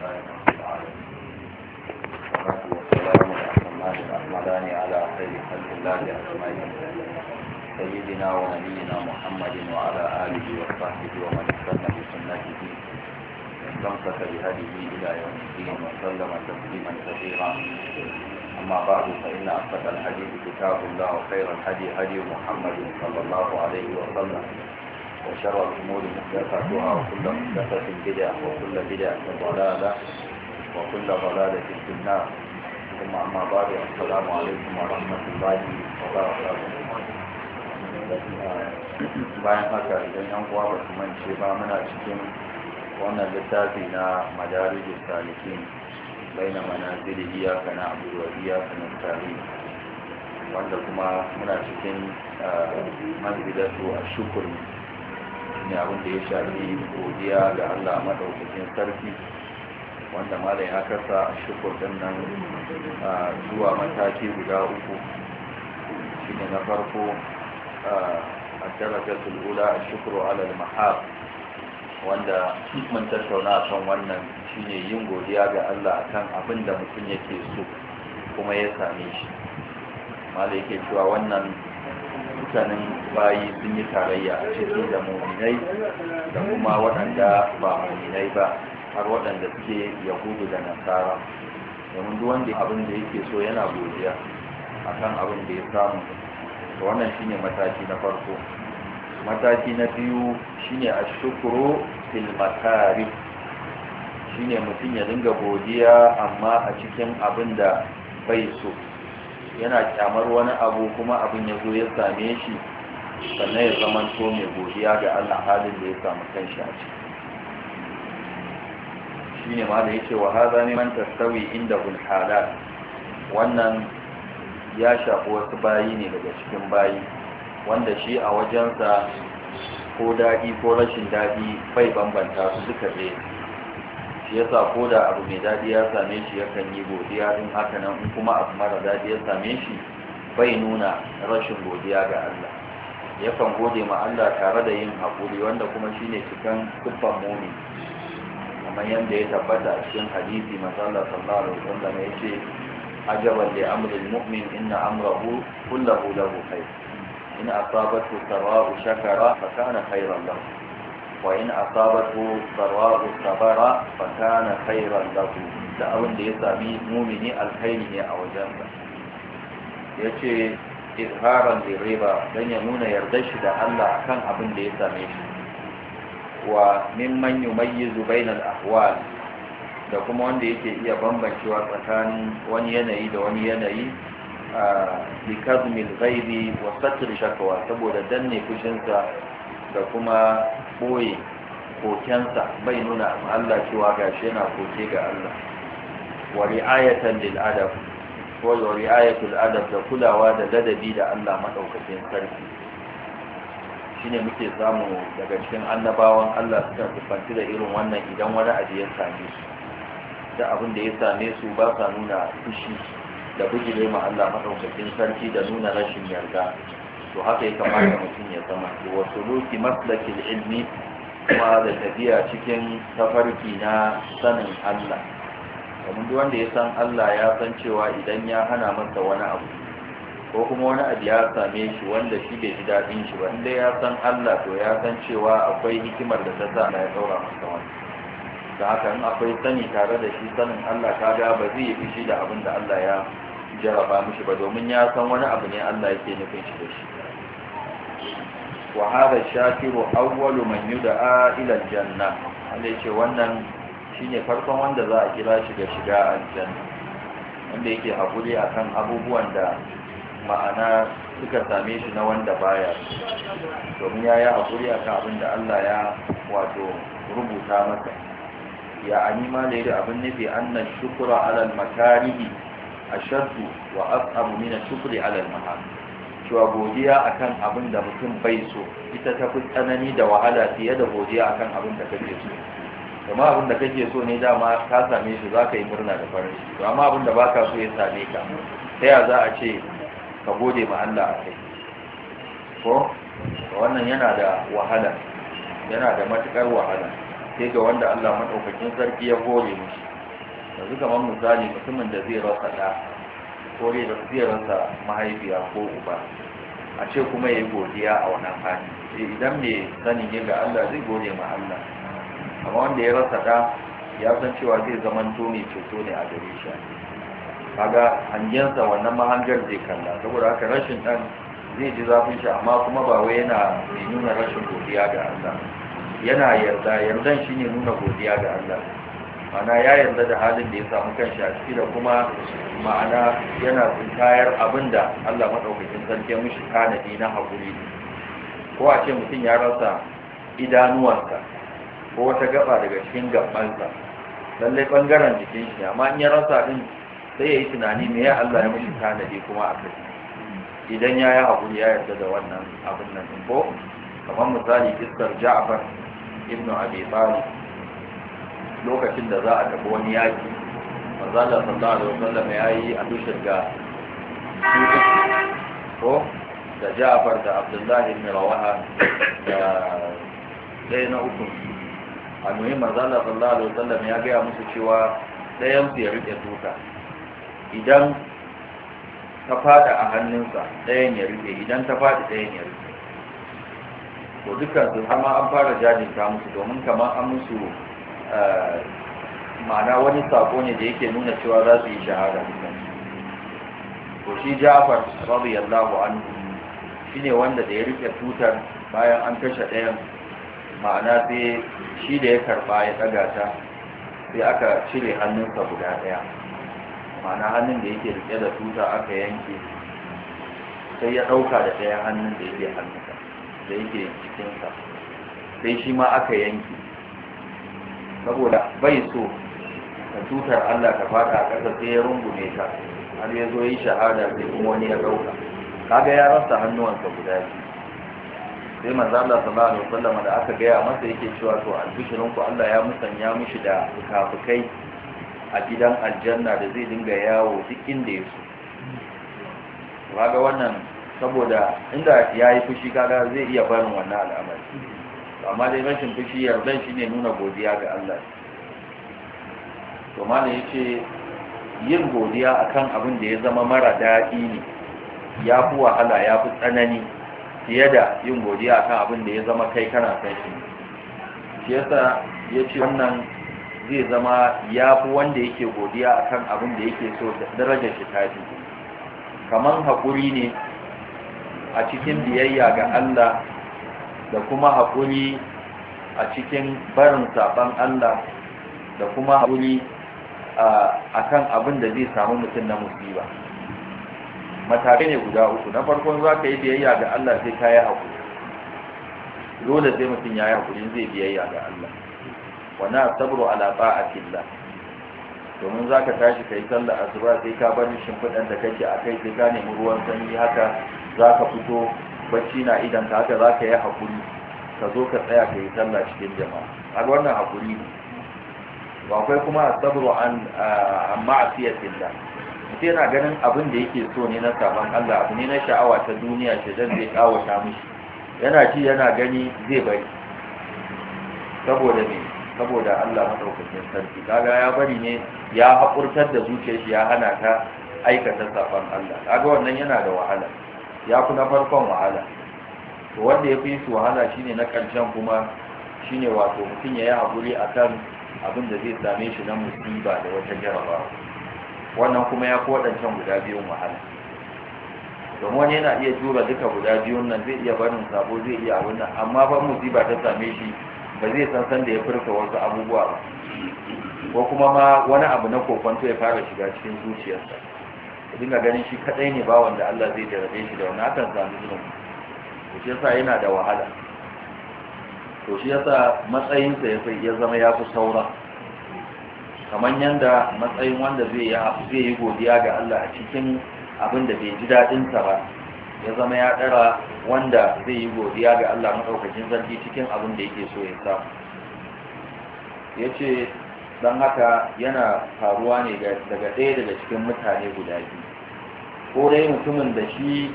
الأحمدان على سيدنا ونبينا محمد وعلى آله وصحبه ومن استنى بسنته استمسك بهديه إلى يوم الدين وسلم تسليما كثيرا أما بعد فإن أصدق الحديث كتاب الله خير الهدي هدي محمد صلى الله عليه وسلم وشر الأمور محدثاتها وكل محدثة بدعة وكل بدعة ضلالة وكل ضلالة في النار ثم أما بعد السلام عليكم ورحمة الله وبركاته bayan haka idan yan uwa ba su mance ba muna cikin wannan littafi na madarijin salikin bai na manazili iyaka na abubuwa iyaka na tarihi wanda kuma muna cikin manzilatu a shukuri ne abin da ya shafi godiya ga Allah madaukakin sarki wanda malam ya kasa shukur din nan zuwa mataki guda uku shine na farko a darajatul ula a shukuru alal mahab wanda mun tattauna a kan wannan shine yin godiya ga Allah akan abin da mutum yake so kuma ya same shi malai yake cewa wannan mutanen bayi sun yi tarayya a ciki da muminai da kuma waɗanda ba muminai ba har waɗanda suke yahudu da nasara domin duk wanda abin da yake so yana godiya a kan abin da ya samu to wannan shine mataki na farko mataki na biyu shine ashukru fil makari shine mutum ya dinga godiya amma a cikin abin da bai so yana kyamar wani abu kuma abin ya zo ya same shi sannan ya zama to mai godiya ga Allah halin da ya samu shi a ciki shi ne ma da yake wa haza neman tattawi inda hulhalar wannan ya shafi wasu bayi ne daga cikin bayi wanda shi a wajensa ko daɗi ko rashin daɗi bai bambanta su duka ɗaya Yasa ko da abu mai daɗi ya same shi yakan yi godiya in haka nan in kuma abu mara dadi ya same shi bai nuna rashin godiya ga Allah yakan gode ma Allah tare da yin haƙuri wanda kuma shine cikan kuffan muni kamar yadda ya tabbata a cikin hadisi masallah sallallahu alaihi wasallam ya ce ajaban li amril mu'min inna amrahu kullahu lahu khair in asabathu sara'u shakara fa kana khairan lahu وإن أصابته ضراء صبر فكان خيرا له da abin da ya sami mumini alkhairi ne a wajensa ya ce izharan da riba don ya nuna yardar shi da Allah a kan abin da ya same shi wa mimman yumayyizu bainal ahwal da kuma wanda yake iya bambancewa tsakanin wani yanayi da wani yanayi a likazmin ghaibi wa satr shakawa saboda danne fushinsa da kuma ɓoye kokensa bai nuna Allah cewa gashi yana koke ga Allah wa ri'ayatan lil adab wa ri'ayatul adab da kulawa da ladabi da Allah madaukakin sarki shine muke samu daga cikin annabawan Allah suka kufanci da irin wannan idan wani abu ya same su da abin da ya same su ba sa nuna fushi da bugile ma Allah madaukakin sarki da nuna rashin yarda to haka ya kamata mutum ya zama wa suluki maslakil ilmi kuma da tafiya cikin tafarki na sanin Allah domin duk wanda ya san Allah ya san cewa idan ya hana masa wani abu ko kuma wani abu ya same shi wanda shi bai ji daɗin shi ba inda ya san Allah to ya san cewa akwai hikimar da ta sa Allah ya saura masa wani da haka in akwai sani tare da shi sanin Allah ga ba zai yi fushi da abin da Allah ya jaraba mishi ba domin ya san wani abu ne Allah yake nufin shi da shi wa hada shakiru awwalu man yud'a ila aljanna ce wannan shine farkon wanda za a kira shi ga shiga aljanna wanda yake a kan abubuwan da ma'ana suka same shi na wanda baya domin ya yi hakuri akan abin da Allah ya wato rubuta masa ya anima da yadda abin nufi annan shukura alal makarihi ashaddu wa abu min shukuri alal mahal cewa godiya akan abin da mutum bai so ita ta fi tsanani da wahala fiye da godiya akan abin da kake so kuma abin da kake so ne dama ka same shi za ka yi murna da farin ciki to amma abin da baka so ya same ka ta ya za a ce ka gode ma Allah a kai ko wannan yana da wahala yana da matukar wahala sai ga wanda Allah madaukakin sarki ya gode mishi yanzu kamar misali mutumin da zai rasa da kore da rasa mahaifiya ko uba a ce kuma ya yi godiya a wannan hali eh, idan mai sanin ya ga Allah zai gode ma Allah amma wanda ya rasa da ya san cewa zai zaman to mai ceto ne a gare shi kaga hangensa wannan mahangar zai kalla saboda haka rashin dan zai ji zafin shi amma kuma ba wai yana mai nuna rashin godiya ga Allah yana yarda yardan shine nuna godiya ga Allah ma'ana ya yarda da halin da ya samu kanshi a ciki da kuma ma'ana yana tsintayar abin da Allah maɗaukakin sarki mishi tanadi na haƙuri ko a ce mutum ya rasa idanuwansa ko wata gaba daga cikin gabansa lallai ɓangaren jikin shi amma in ya rasa ɗin sai ya yi tunani me ya Allah ya mishi tanadi kuma a kai idan ya yi haƙuri ya yarda da wannan abin nan ko kamar misali iskar ja'far ibnu abi talib lokacin da za a tafi wani yaki manzala sallallahu alaihi wasallam ya yi a tushen ga ko da Ja'far da Abdullahi ibn Rawaha da ɗaya na uku a muhim manzala sallallahu alaihi wasallam ya gaya musu cewa dayan su ya rike tuta idan ta fada a hannunsa ɗayan ya rike idan ta fada ɗayan ya rike ko dukkan su har ma an fara jajinta musu domin kamar an musu Eh, ma'ana wani sako ne da yake nuna cewa za su yi shahada ko shi jafar radiyallahu anhu shine wanda da ya rike tutar bayan an kashe ɗayan ma'ana sai shi da ya karba ya ɗaga ta sai aka cire hannunsa guda ɗaya ma'ana hannun da yake rike da tuta aka yanke sai ya ɗauka da ɗaya hannun da yake hannunsa da yake cikinsa. sai shi ma aka yanke saboda bai so ka tutar Allah ka fada a ƙasar sai ya rungume ta har ya zo yi shahada sai kuma wani ya ɗauka kaga ya rasa hannuwansa guda biyu sai manzo Allah sallallahu alaihi wasallam da aka gaya masa yake cewa to ku Allah ya musanya mishi da kafukai a gidan aljanna da zai dinga yawo duk inda ya so kaga wannan saboda inda ya yi fushi kaga zai iya barin wannan al'amari amma dai rashin fushi yardan shi ne nuna godiya ga Allah to yace yin godiya akan abin da ya zama mara daɗi ne ya fi wahala ya fi tsanani fiye da yin godiya akan abin da ya zama kai kana san shi shi yasa yace wannan zai zama ya fi wanda yake godiya akan abin da yake so darajar shi ta kamar haƙuri ne a cikin biyayya ga Allah da kuma haƙuri a cikin barin saɓan Allah da kuma haƙuri a kan abin da zai samu mutum na ba. matakai ne guda uku na farkon za ka yi biyayya ga Allah sai ka yi haƙuri dole sai mutum ya yi haƙuri zai biyayya ga Allah wani asabro a killa. domin za ka tashi ka yi sallar asuba sai ka bar shimfiɗan da kake a kai sai ka nemi ruwan sanyi haka za ka fito bacci na idan ka haka za ka yi haƙuri ka zo ka tsaya ka yi sallah cikin jama'a a wannan haƙuri ne ba akwai kuma asabru an ma'asiyatin da mutum yana ganin abin da yake so ne na saban Allah abu ne na sha'awa ta duniya ce dan zai kawata mishi yana ji yana gani zai bari saboda ne saboda Allah madaukakin sarki kaga ya bari ne ya haƙurtar da zuciyar ya hana ta aikata saban Allah kaga wannan yana da wahala ya fi na farkon wahala to wanda ya fi su wahala shine na ƙarshen kuma shine wato mutum ya yi haƙuri a kan abin da zai same shi na musiba da wata jaraba wannan kuma ya fi waɗancan guda biyun wahala domin wani yana iya jura duka guda biyun nan zai iya barin sabo zai iya abin nan amma ban musiba ta same shi ba zai san san da ya furta wasu abubuwa ba ko kuma ma wani abu na kokonto ya fara shiga cikin zuciyarsa dinga ganin shi kadai ne ba wanda Allah zai daraje shi da wani akan samu zunubi to shi yasa yana da wahala to shi yasa matsayinsa ya yafi ya zama ya fi saura kamar yanda matsayin wanda zai yi zai yi godiya ga Allah a cikin abin da bai ji dadin sa ba ya zama ya ɗara wanda zai yi godiya ga Allah madaukakin zargi cikin abin da yake so ya samu yace don haka yana faruwa ne daga ɗaya daga cikin mutane guda biyu ko dai mutumin da shi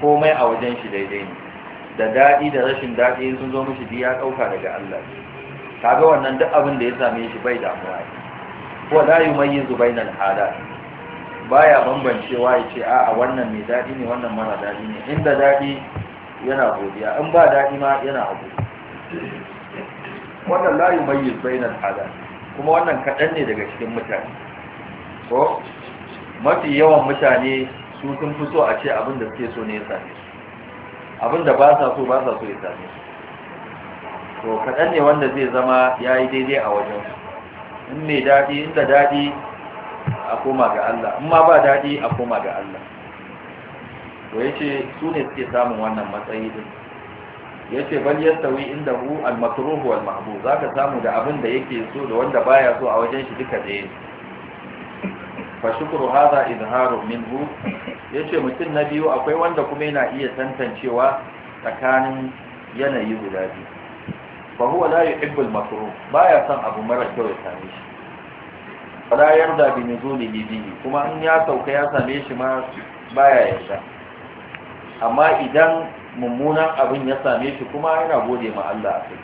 komai a wajen shi daidai ne da daɗi da rashin daɗi sun zo mishi biya ɗauka daga Allah kaga wannan duk abin da ya same shi bai damuwa ko la yumayyizu bainal halat baya bambancewa ya ce a'a wannan mai daɗi ne wannan mara daɗi ne inda daɗi yana godiya in ba daɗi ma yana haƙuri wannan la yumayyizu bainal halat kuma wannan kaɗan ne daga cikin mutane ko mafi yawan mutane su sun fi so a ce abin da suke so ne ya same su abin da ba sa so ba sa so ya same su to kaɗan ne wanda zai zama ya yi daidai a wajen in mai daɗi inda daɗi a koma ga Allah in ma ba daɗi a koma ga Allah to ya ce su ne suke samun wannan matsayi din yace bal yastawi indahu al-makruh wal mahbub ka samu da abin da yake so da wanda baya so a wajen shi duka ɗaya fa shukru hadha izharu minhu yace mutum na biyu akwai wanda kuma yana iya tantancewa tsakanin yanayi guda biyu fa huwa la yuhibbu al-makruh baya son abu mara kyau ya same shi fala yarda bi nuzulihi bihi kuma in ya sauka ya same shi ma baya yarda amma idan mummunan abin ya same shi kuma yana gode ma Allah a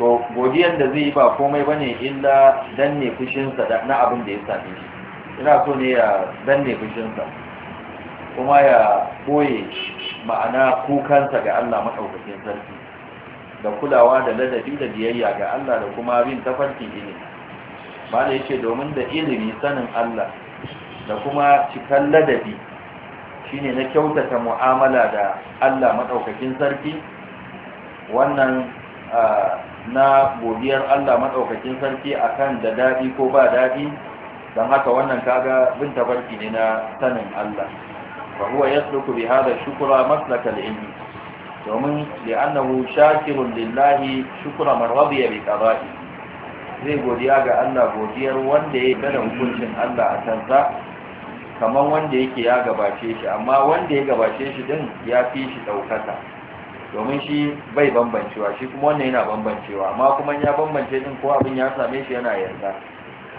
to godiyan da zai yi ba komai bane illa danne fushinsa na abin da ya same shi ina so ne ya danne fushinsa kuma ya boye ma'ana kukansa ga Allah maɗaukakin sarki da kulawa da ladabi da biyayya ga Allah da kuma bin tafarkin ilimi ba da yake domin da ilimi sanin Allah da kuma cikan ladabi shine na kyautata mu'amala da Allah madaukakin sarki wannan na godiyar Allah madaukakin sarki akan da dadi ko ba dadi dan haka wannan kaga bin tabarki ne na sanin Allah fa huwa yasluku bi hada shukra maslaka al-ilmi domin annahu shakirun lillahi shukra man radiya bi qada'i zai godiya ga Allah godiyar wanda ya yi hukuncin Allah a kansa kamar wanda yake ya gabace shi amma wanda ya gabace shi din ya fi shi ɗaukaka domin shi bai bambancewa shi kuma wannan yana bambancewa amma kuma ya bambance din ko abin ya same shi yana yarda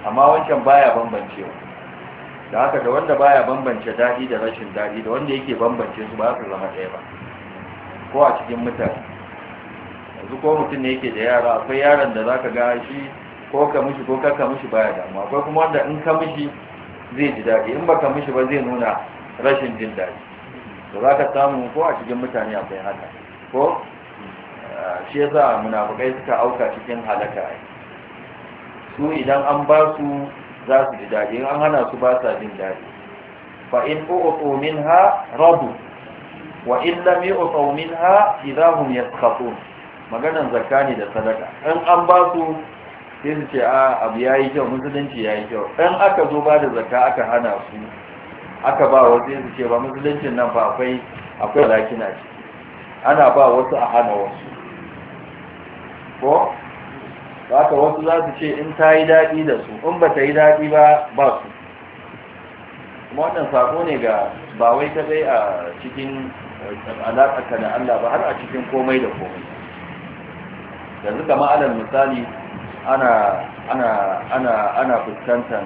amma wancan baya bambancewa da haka da wanda baya bambance daɗi da rashin daɗi da wanda yake bambance su ba su zama ɗaya ba ko a cikin mutane yanzu ko mutum ne yake da yara akwai yaron da zaka ga shi ko ka mishi ko ka mishi baya damuwa akwai kuma wanda in ka mishi zai ji daɗi in baka mishi ba zai nuna rashin jin daɗi to za ka samu ko a cikin mutane akwai haka ko shi yasa munafukai suka auka cikin halaka su idan an ba su za su ji daɗi in an hana su ba sa jin daɗi fa in min ha rabu wa in lam yu'tu minha idahum yaskhatun maganan zakani da sadaka in an ba su sai su ce a ah, abu ya yi kyau musulunci ya yi kyau ɗan aka zo ba da zakka aka hana su aka ba wasu sai su ce ba musuluncin nan ba akwai akwai lakin ce ana ba wasu a hana wasu ko ba ka wasu za su ce in ta yi daɗi da su in ba ta yi daɗi ba ba su kuma wannan saƙo ne ga ba wai ta bai a cikin alaƙa da Allah ba har a cikin komai da komai yanzu kama alal misali ana ana ana ana fuskantar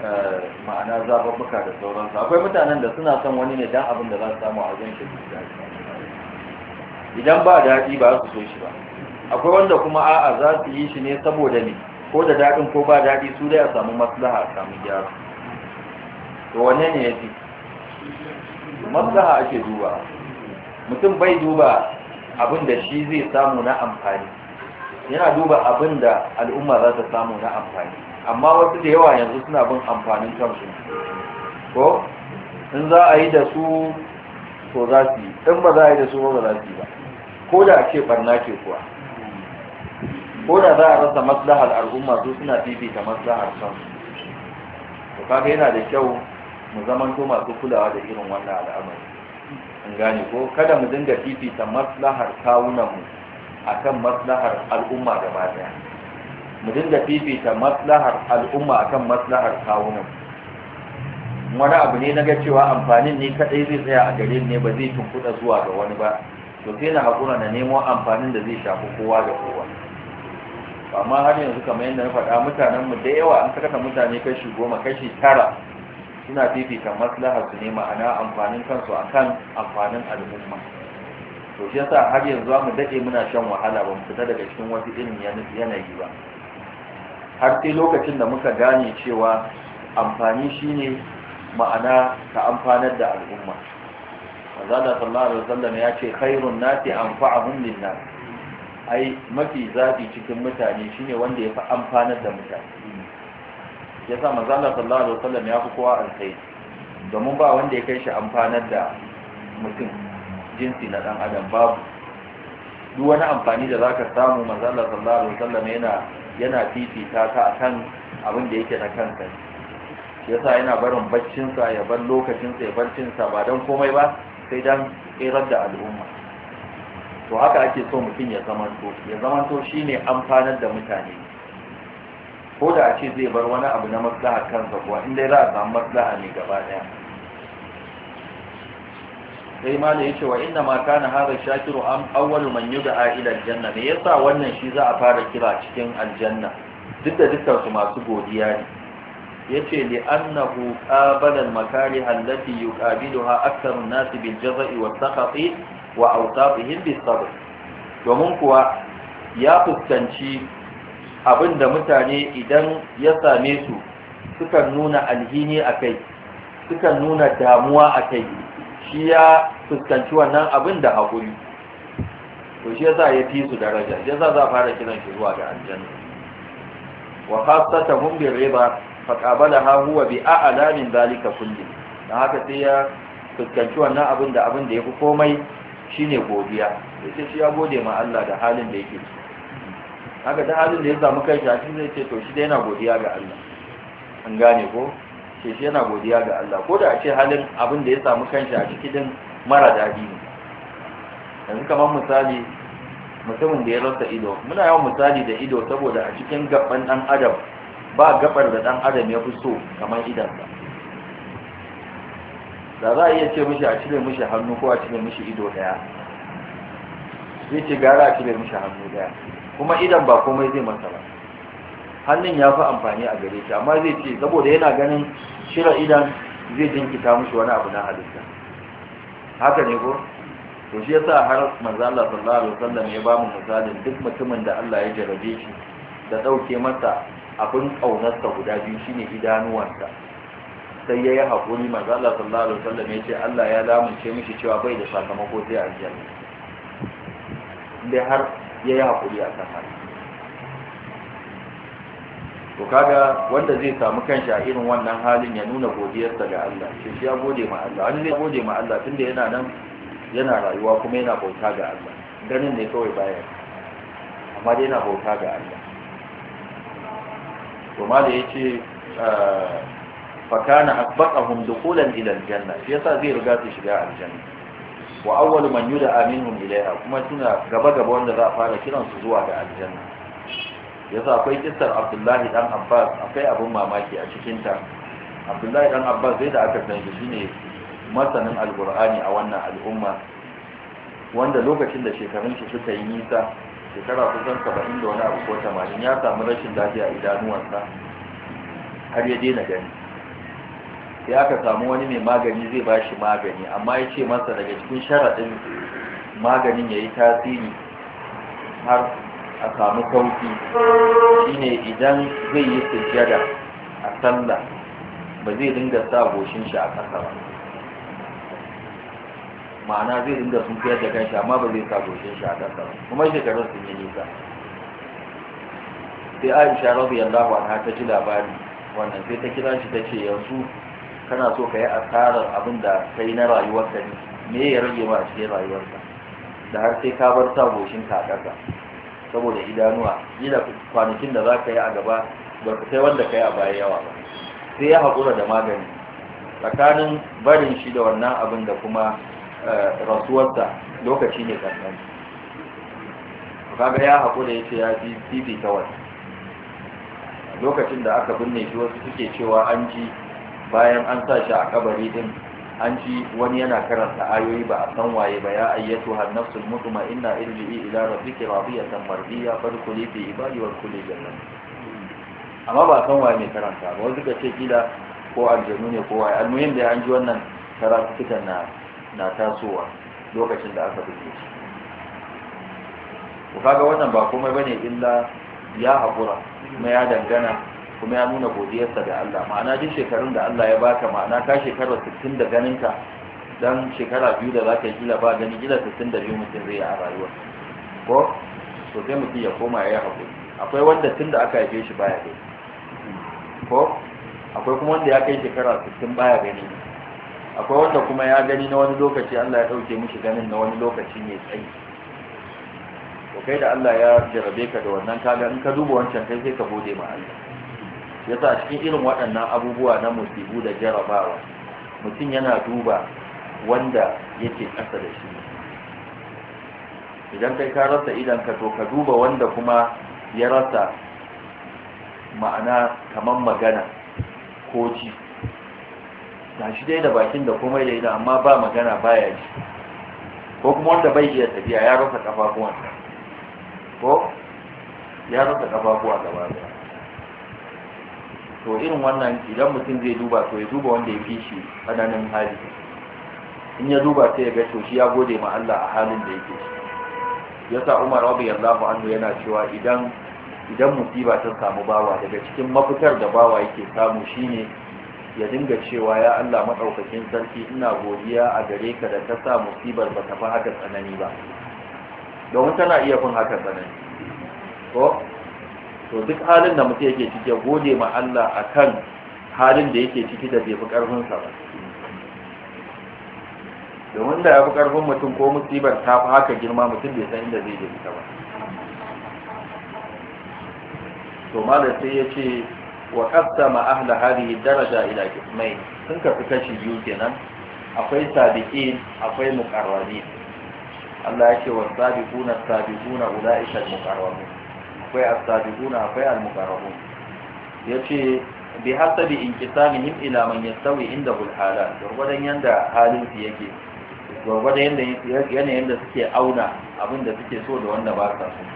eh, ma'ana zababbuka da sauransu akwai mutanen da suna son wani ne don abin da za su samu a wajen shi idan ba daɗi ba su so shi ba akwai wanda kuma a'a za su yi shi ne saboda ne ko da daɗin ko ba daɗi su dai a samu maslaha a samu gyara to wanne ne ya fi maslaha ake duba mutum bai duba abin da shi zai samu na amfani yana duba abin da al'umma za ta samu na amfani amma wasu da yawa yanzu suna bin amfanin kansu ko in za a yi da su ko za su yi in ba za a yi da su ba za su yi ba ko da a barna ke kuwa ko da za a rasa maslahar al'umma su suna fifita maslahar kansu to kaga yana da kyau mu zaman to masu kulawa da irin wannan al'amari in gane ko kada mu dinga fifita maslahar kawunanmu akan maslahar al'umma gaba baya mu dinga fifita maslahar al'umma akan maslahar kawunan wani abu ne na ga cewa amfanin ne kadai zai tsaya a gare ne ba zai tunkuɗa zuwa ga wani ba to sai na haƙura na nemo amfanin da zai shafi kowa da kowa amma har yanzu kamar yadda na faɗa mutanen mu da yawa an saka mutane kashi goma kashi tara suna fifita maslahar su ne ma'ana amfanin kansu akan amfanin al'umma to shi yasa har yanzu mu dade muna shan wahala ba mu fita daga cikin wasu irin yanayi ba har sai lokacin da muka gane cewa amfani shine ma'ana ka amfanar da al'umma manzala sallallahu alaihi wasallam ya ce khairun nati anfa'uhum lillah ai mafi zafi cikin mutane shine wanda ya fi amfanar da mutane yasa manzala sallallahu alaihi wasallam ya fi kowa alkhair domin ba wanda ya kai shi amfanar da mutum jinsi na dan adam babu duk wani amfani da zaka samu manzo Allah sallallahu alaihi wasallam yana yana fifita ka akan abin da yake na kanka yasa yana barin baccin sa ya bar lokacin sa ya bar cin sa ba dan komai ba sai dan irar da al'umma to haka ake so mutum ya to ya zamanto shine amfanar da mutane ko da a ce zai bar wani abu na maslaha kansa kuwa inda za a samu maslaha ne gaba ɗaya. sai ya yace wa inna ma kana hadha shakiru an awwalu man yud'a ila aljanna me yasa wannan shi za a fara kira cikin aljanna duk da dukkansu masu godiya ne yace li annahu qabala makari makarih allati ƙabilu aktharu an-nas bin jazai wa sakhati wa awtabihim bis sabr domin kuwa ya fuskanci abinda mutane idan ya same su sukan nuna alhini akai sukan nuna damuwa akai shi ya fuskanci wannan abin da haƙuri to shi yasa ya fi su daraja yasa za fara kiran shi zuwa ga aljanna wa khassatahum bi riba fa ha huwa bi a'la min zalika kulli dan haka sai ya fuskanci wannan abin da abin da yafi komai shine godiya yace shi ya gode ma Allah da halin da yake ciki haka da halin da ya samu kai shi zai ce to shi dai yana godiya ga Allah an gane ko ce shi yana godiya ga Allah ko da a ce halin abin da ya samu kanshi a cikin mara dadi ne yanzu kamar misali mutumin da ya rasa ido muna yawan misali da ido saboda a cikin gaban ɗan adam ba gabar da dan adam ya fi so kamar idansa da za a iya ce mishi a cire mishi hannu ko a cire mishi ido daya zai ce gara a cire mishi hannu daya kuma idan ba komai zai masa ba hannun ya fi amfani a gare shi amma zai ce saboda yana ganin shira idan zai jinkita mushi wani abu na halitta haka ne ko to shi yasa har manzo Allah sallallahu alaihi wasallam ya ba mu misalin duk mutumin da Allah ya jarabe shi da dauke masa abin sa guda biyu shine idanuwanta sai yayi yi manzo Allah sallallahu alaihi wasallam ya ce Allah ya lamunce mishi cewa bai da sakamako sai aljanna dai har ya yi a kan haka to kaga wanda zai samu kanshi a irin wannan halin ya nuna godiyarsa ga Allah shi ya gode ma Allah wani zai gode ma Allah tunda yana nan yana rayuwa kuma yana bauta ga Allah ganin ne kawai bayan amma dai yana bauta ga Allah to ma da yace ah, fakana akbaqahum dukulan ila aljanna shi yasa zai riga su shiga aljanna wa awwalu man yud'a minhum ilayha kuma suna gaba gaba wanda za a fara kiran su zuwa ga aljanna yasa akwai kissar abdullahi dan abbas akwai abin mamaki a cikinta abdullahi dan abbas zai da aka san shi ne masanin alkur'ani a wannan al'umma wanda lokacin da shekarun shi suka yi nisa shekara kusan saba'in da wani abu ko tamanin ya samu rashin lafiya a idanuwansa har ya daina gani sai aka samu wani mai magani zai ba shi magani amma ya ce masa daga cikin sharaɗin maganin ya yi tasiri har a samu sauki shine idan zai yi sujjada a sallah ba zai dinga sa goshin shi a ƙasa ba ma'ana zai dinga sun fiye da kanshi amma ba zai sa goshin shi a ƙasa ba kuma shekarun sun yi nisa sai aisha radiyallahu na ta ji labari wannan sai ta kira shi ta ce yanzu kana so ka yi asarar abin da ka yi na rayuwarka ne me ya rage ma a cikin rayuwarka da har sai ka bar sa goshin ka a ƙasa saboda idanuwa kila kwanakin da za ka yi a gaba ba ka sai wanda ka yi a baya yawa ba sai ya haƙura da magani tsakanin barin shi da wannan abin da kuma eh, rasuwarsa lokaci ne kankan kaga ya haƙura ya ce ya fi fifi kawai lokacin da aka binne shi wasu suke cewa an ji bayan an sa shi a kabari din an ji wani yana karanta ayoyi ba a san waye ba ya ayyatu har nafsul mutuma inna irji'i ila rabbika radiyatan mardiya fadkhuli fi ibadi wa kulli jannah amma ba a san waye mai karanta ba wanda kace kila ko aljanu ne ko waye almuhim da an ji wannan karatukan na na tasowa lokacin da aka buge shi ku kaga wannan ba komai bane illa ya hakura kuma ya dangana kuma ya nuna godiyarsa ga Allah ma'ana duk shekarun da Allah ya baka ma'ana ka shekara 60 da ganinka dan shekara biyu da zaka yi kila ba gani da 62 mutum zai yi a rayuwa ko So sai mutum ya koma ya yi haƙuri akwai wanda tun da aka haife shi baya gani ko akwai kuma wanda ya kai shekara 60 baya gani akwai wanda kuma ya gani na wani lokaci Allah ya ɗauke mishi ganin na wani lokaci mai tsayi Ko kai da Allah ya jarabe ka da wannan kaga in ka duba wancan kai sai ka gode ma Allah yasa cikin irin waɗannan abubuwa na musibu da jarabawa mutum yana duba wanda yake ƙasa da shi idan kai ka rasa idan ka to ka duba wanda kuma ya rasa ma'ana kamar magana ko ci na shi dai da bakin da komai da idan amma ba magana baya ji ko kuma wanda bai iya tafiya ya rasa ƙafafuwan ko ya rasa kafafuwa gaba daya to irin wannan idan mutum zai duba to ya duba wanda ya fi shi tsananin hali in ya duba sai ya ga to shi ya gode ma Allah a halin da yake shi sa Umar radiyallahu anhu yana cewa idan idan musiba ta samu bawa daga cikin mafitar da bawa yake samu shine ya dinga cewa ya Allah madaukakin sarki ina godiya a gare ka da ta sa musibar ba ta fi haka tsanani ba domin tana iya fin haka tsanani ko to duk halin da mutum yake ciki gode ma Allah akan halin da yake cike da bai fi karfin sa ba domin da ya fi karfin mutum ko musibar ta fi haka girma mutum bai san inda zai je ita ba to malam sai ya ce wa qaddama ahla hadhihi daraja ila qismayn sun kafi kashi biyu kenan akwai sabiqin akwai muqarrabin Allah ya ce wa sabiquna sabiquna ulaika al-muqarrabun akwai as akwai al Ya yace bi hasabi inqisamihim ila man yastawi indahu inda hala gurgurdan yanda halin su yake gurgurdan yanda yanayin da suke auna abin da suke so da wanda ba sa so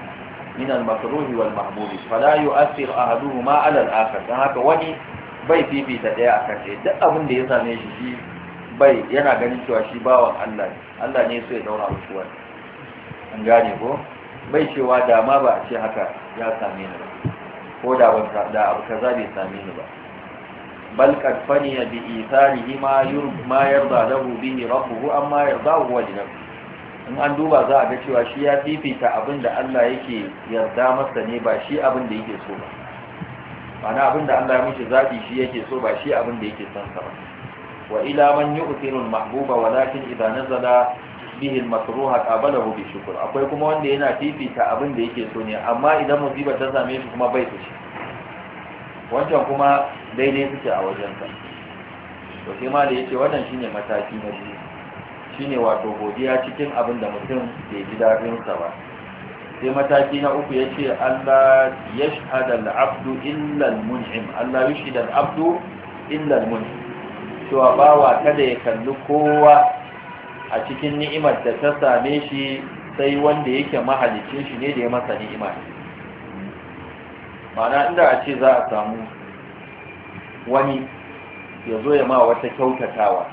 min almasruhi wal mahmudi fala yu'athir ahaduhuma ala al-akhar dan haka wani bai fifita daya akan ɗaya duk abin da ya same shi shi bai yana ganin cewa shi bawan Allah ne Allah ne so ya daura musu wani an gane ko bai cewa dama ba a ce haka ya same ni ba ko da abu kaza bai same ni ba bal kad faniya bi ithalihi ma yurb ma yarda lahu bihi rabbuhu amma yardahu wa dinam in an duba za a ga cewa shi ya fifita abin da Allah yake yarda masa ne ba shi abin da yake so ba ma'ana abin da Allah ya mishi zabi shi yake so ba shi abin da yake son sa ba wa ila man yu'tiru al-mahbuba walakin idza nazala bihi al قابله qabalahu bi akwai kuma wanda yana fifita abin da yake so ne amma idan musiba ta same shi kuma bai fushi wancan kuma daidai suke a wajen ka to kuma da yace wannan shine mataki na biyu shine wato godiya cikin abin da mutum ke ji dadin sa ba sai mataki na uku yace Allah yashhadu al-abdu illa al-mun'im Allah yashhadu al-abdu illa al-mun'im ba wa kada ya kalli kowa a cikin ni'imar da ta same shi sai wanda yake mahalicin shi ne da ya masa ni'ima mana inda a ce za a samu wani ya zo ya ma wata kyautatawa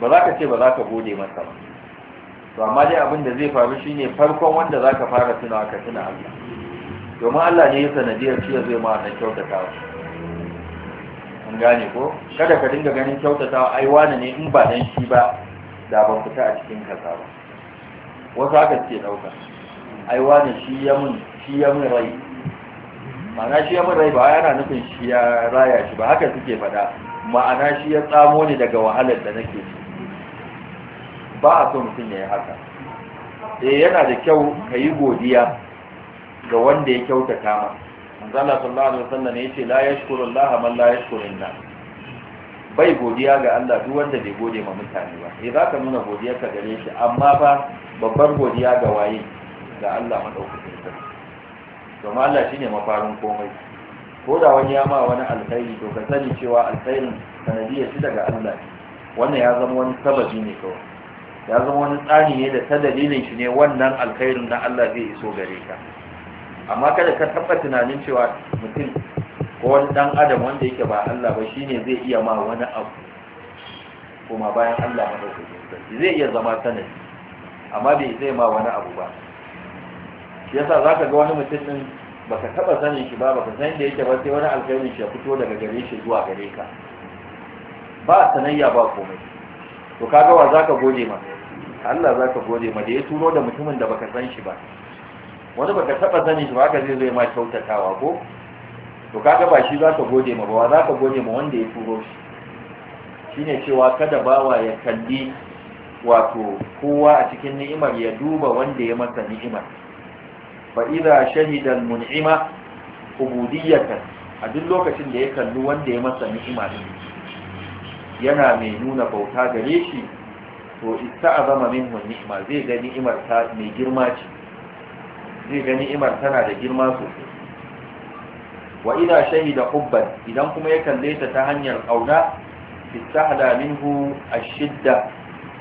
ba za ka ce ba za ka gode masa ba to amma dai abin da zai faru shine farkon wanda za ka fara tuna ka tuna Allah domin Allah ne ya sanadiyar shi ya zai ma wannan kyautatawa an gane ko kada ka dinga ganin kyautatawa ai wani ne in ba dan shi ba da ban fita a cikin kaza ba wasu haka ce ɗauka ai wani shi ya mun shi ya mun rai ma'ana shi ya mun rai ba yana nufin shi ya raya shi ba haka suke faɗa ma'ana shi ya tsamo ni daga wahalar da nake shi. ba a so mutum ya yi haka eh yana da kyau ka yi godiya ga wanda ya kyautata ma Allah sallallahu alaihi wasallam yace la yashkuru Allah man la yashkuru nas bai godiya ga Allah duk wanda bai gode ma mutane ba eh zaka ka nuna godiya ka gare shi amma fa babbar godiya ga waye ga Allah madaukakin sa kuma Allah shine mafarin komai ko da wani ya ma wani alkhairi to ka sani cewa alkhairin sanadiyar shi daga Allah wannan ya zama wani sababi ne kawai ya zama wani tsani ne da ta dalilin shi ne wannan alkhairin na Allah zai iso gare ka amma kada ka tabbata tunanin cewa mutum ko wani dan adam wanda yake ba Allah ba shine zai iya ma wani abu kuma bayan Allah madaukakin sarki zai iya zama sanadi amma bai zai ma wani abu ba shi yasa zaka ga wani mutum din baka taba sanin shi ba baka san da yake ba sai wani alkhairin shi ya fito daga gare shi zuwa gare ka ba sanayya ba komai to kaga wa zaka gode ma Allah zaka gode ma da ya turo da mutumin da baka san shi ba wani baka taba sanin shi ba haka zai zai ma kyautatawa ko to kaga ba shi zaka gode ma ba wa zaka gode ma wanda ya turo shi shine cewa kada bawa ya kalli wato kowa a cikin ni'imar ya duba wanda ya masa ni'imar fa idza shahida al-mun'ima ubudiyatan a duk lokacin da ya kalli wanda ya masa ni'ima din yana mai nuna bauta gare shi to ista'azama minhu ni'ima zai ga ni'imar ta mai girma ce zai ga ni'imar tana da girma sosai wa idha shahida hubban idan kuma ya kalle ta ta hanyar kauna istahda minhu ash-shidda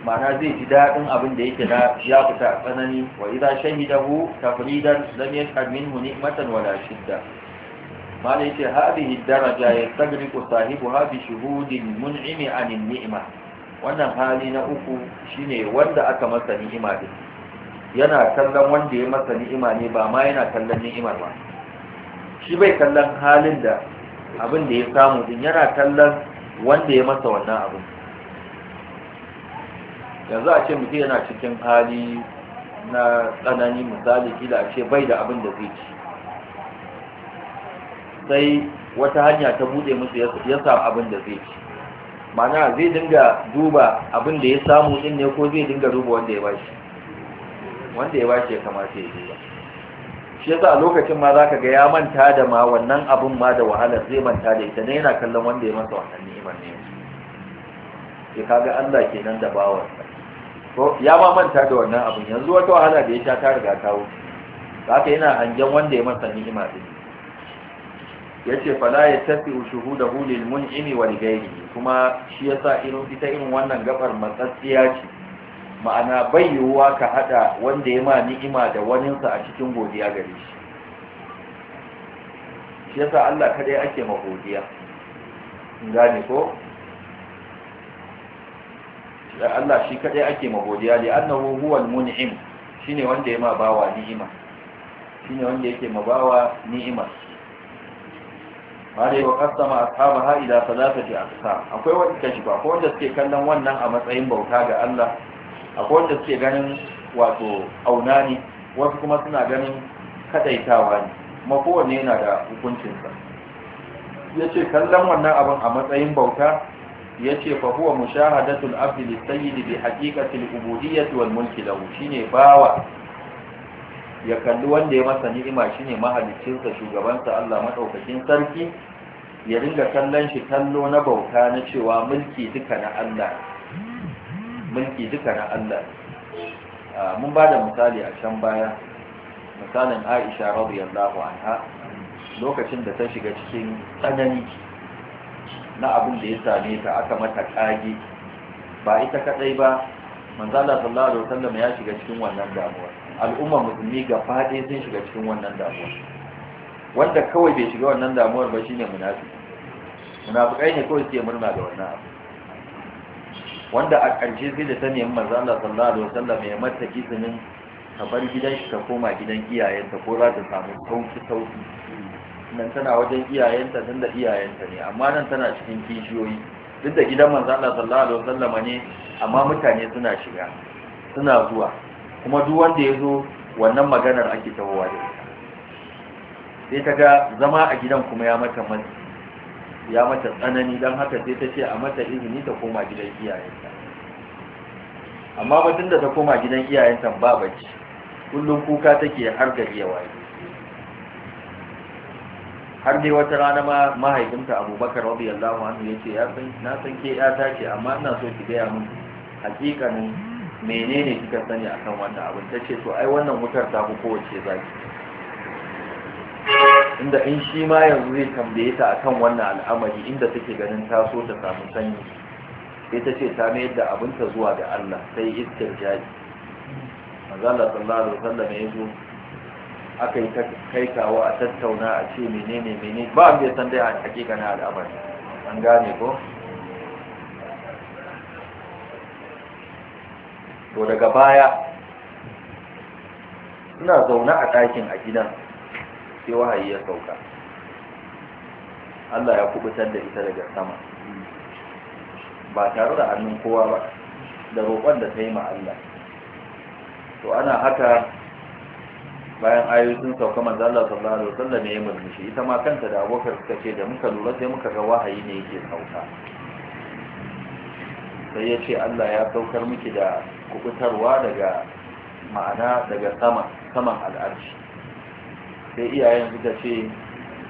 ma'ana zai ji dadin abin da yake da ya fita tsanani wa shahida shahidahu tafridan lam yashhad minhu ni'matan wala shidda mala yace hadhihi daraja yastagriqu sahibuha bi shuhudin mun'imi 'anil ni'ma wannan hali na uku shine wanda aka masa ni'ima din yana kallon wanda ya masa ni'ima ne ba ma yana kallon ni'imar ba shi bai kallon halin da abin da ya samu din yana kallon wanda ya masa wannan abin yanzu a ce mutum yana cikin hali na tsanani misali gida a ce bai da abin da zai ci sai wata hanya ta bude musu ya samu abin da zai ci mana zai dinga duba abin da ya samu din ne ko zai dinga duba wanda ya bashi wanda ya bashi ya kamata ya duba shi yasa a lokacin ma zaka ga ya manta da ma wannan abun ma da wahalar zai manta da ita ne yana kallon wanda ya masa wannan ni'imar ne ke kaga Allah kenan da bawar ko ya ma manta da wannan abun yanzu wata wahala da ya sha ta riga ta wuce haka yana hangen wanda ya masa ni'ima din yace fala ya tafi shuhudahu lil mun'imi wal li kuma shi yasa irin ita irin wannan gabar matsatsiya ce ma'ana bai yiwuwa ka hada wanda ya ma ni'ima da waninsa a cikin godiya gare shi shi yasa Allah kadai ake ma godiya gane ko Allah shi kadai ake ma godiya da annahu huwal mun'im shine wanda ya ma bawa ni'ima shine wanda yake ma bawa ni'ima bare wa kasama ashabaha ila salatati aqsa akwai wanda kashi ba ko wanda suke kallon wannan a matsayin bauta ga Allah akwai wanda suke ganin wato auna ne wasu kuma suna ganin kadaitawa ne kuma kowanne yana da hukuncinsa ya ce kallon wannan abin a matsayin bauta ya ce fahuwa mushahadatul abdi sayyidi bi haqiqatil ubudiyyati wal mulki lahu shine bawa ya kalli wanda ya masa ni'ima shine mahaliccinsa shugabansa Allah madaukakin sarki ya ringa kallon shi kallo na bauta na cewa mulki duka na Allah mulki duka na Allah ah, mun ba da misali a can baya misalin Aisha radiyallahu anha lokacin da ta shiga cikin tsanani na abin da ya same ta aka mata kage ba ita kadai ba manzala sallallahu alaihi wasallam ya shiga cikin wannan damuwa al'umma musulmi ga fadi sun shiga cikin wannan damuwa wanda kawai bai shiga wannan damuwar ba shine munafiki munafikai ne kawai suke murna da wannan abu wanda a ƙarshe sai da ta nemi maza Allah sallallahu alaihi wasallam ya mata izinin kamar bar gidan shi ta koma gidan iyayenta ko za ta samu sauki sauki nan tana wajen iyayenta tun da iyayenta ne amma nan tana cikin kishiyoyi duk da gidan manzo Allah sallallahu alaihi wasallam ne amma mutane suna shiga suna zuwa kuma duk wanda ya zo wannan maganar ake tawowa da ita sai ta ga zama a gidan kuma ya mata matsi ya mata tsanani don haka sai ta ce a mata izini ta koma gidan iyayenta amma batun da ta koma gidan iyayenta ba bacci kullum kuka take har gari ya waye har dai wata rana ma mahaifinta abubakar radiyallahu anhu ya ce na san ke ya ce amma ina so ki gaya min hakikanin menene kika sani akan wannan abin ta ce to ai wannan wutar ta ku kowace zaki inda in shi ma yanzu zai tambaye ta akan wannan al'amari inda take ganin taso ta samu sanyi sai ta ce ta mai da abinta zuwa ga Allah sai iskar jaji manzala sallallahu alaihi wasallam ya zo aka yi kai kawo a tattauna a ce menene menene ba mu san dai a hakika na al'amari an gane ko to daga baya ina zaune a ɗakin a gidan sai wahayi ya sauka Allah ya kubutar da ita daga sama ba tare da hannun kowa ba da roƙon da ta yi Allah to ana haka bayan ayoyi sun sauka Manzala Allah sallallahu alaihi wasallam ya murmushi ita ma kanta da abokan suka ce da muka lura sai muka ga wahayi ne yake sauka sai ya ce Allah ya saukar miki da kubutarwa daga ma'ana daga sama saman al'arshi sai iyayen suka ce